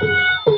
Thank you.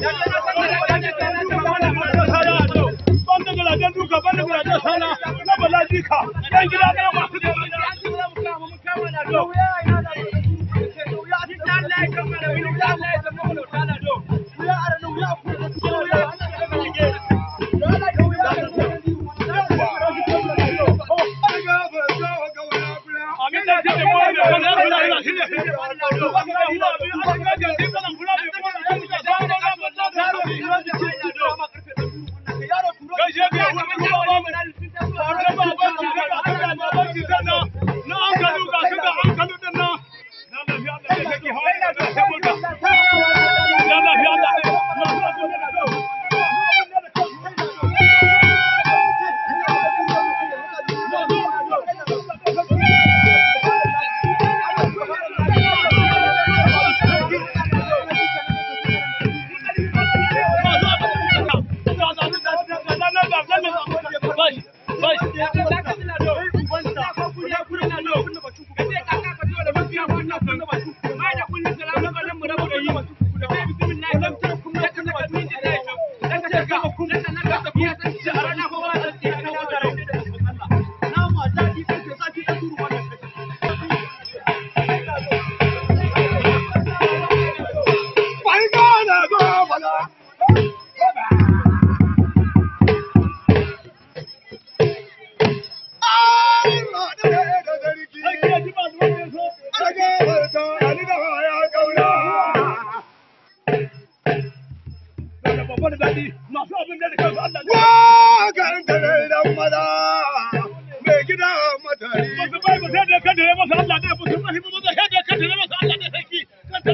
No, no, no,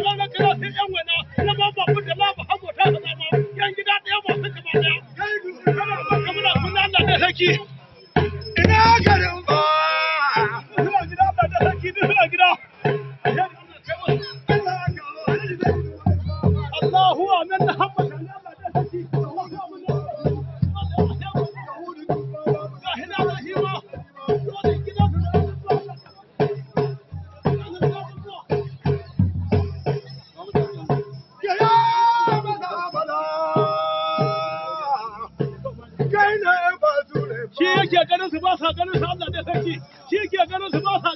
no! no no, no no. Come on.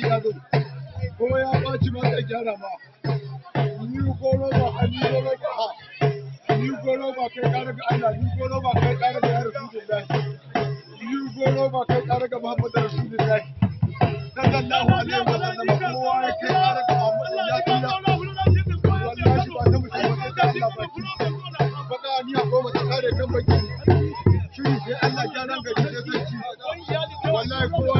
ɓaci ya kuma ya ɓaci ma gyara ma ni ko roba ni ko roba ni ko roba kai ƙara ga Allah ni ko roba kai ƙara ga Rasulullahi ni ko roba kai ƙara ga Muhammad Rasulullahi sallallahu alaihi wa sallam kowa ya kai ƙara ga Muhammad ya tsira wallahi ba ta mutum ba ta Allah ba ki baka ni a Allah ya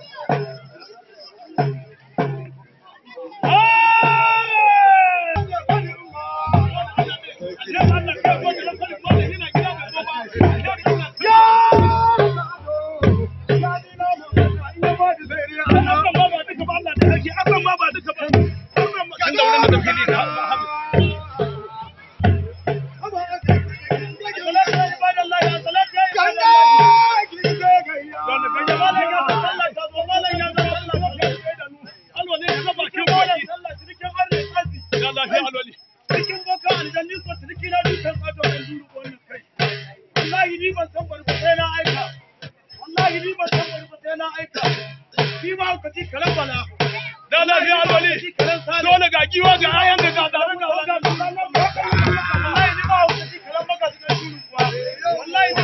na Ni ba ku ka ci karan bala da ga giwa ga ayan da ga daru ga wanda wallahi ni ma ka ci karan maka cikin shuru kuwa wallahi ni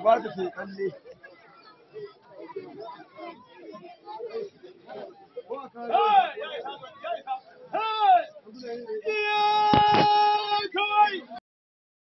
Ka ba ta sai tsalle Hey! Hey! Hey! Hey!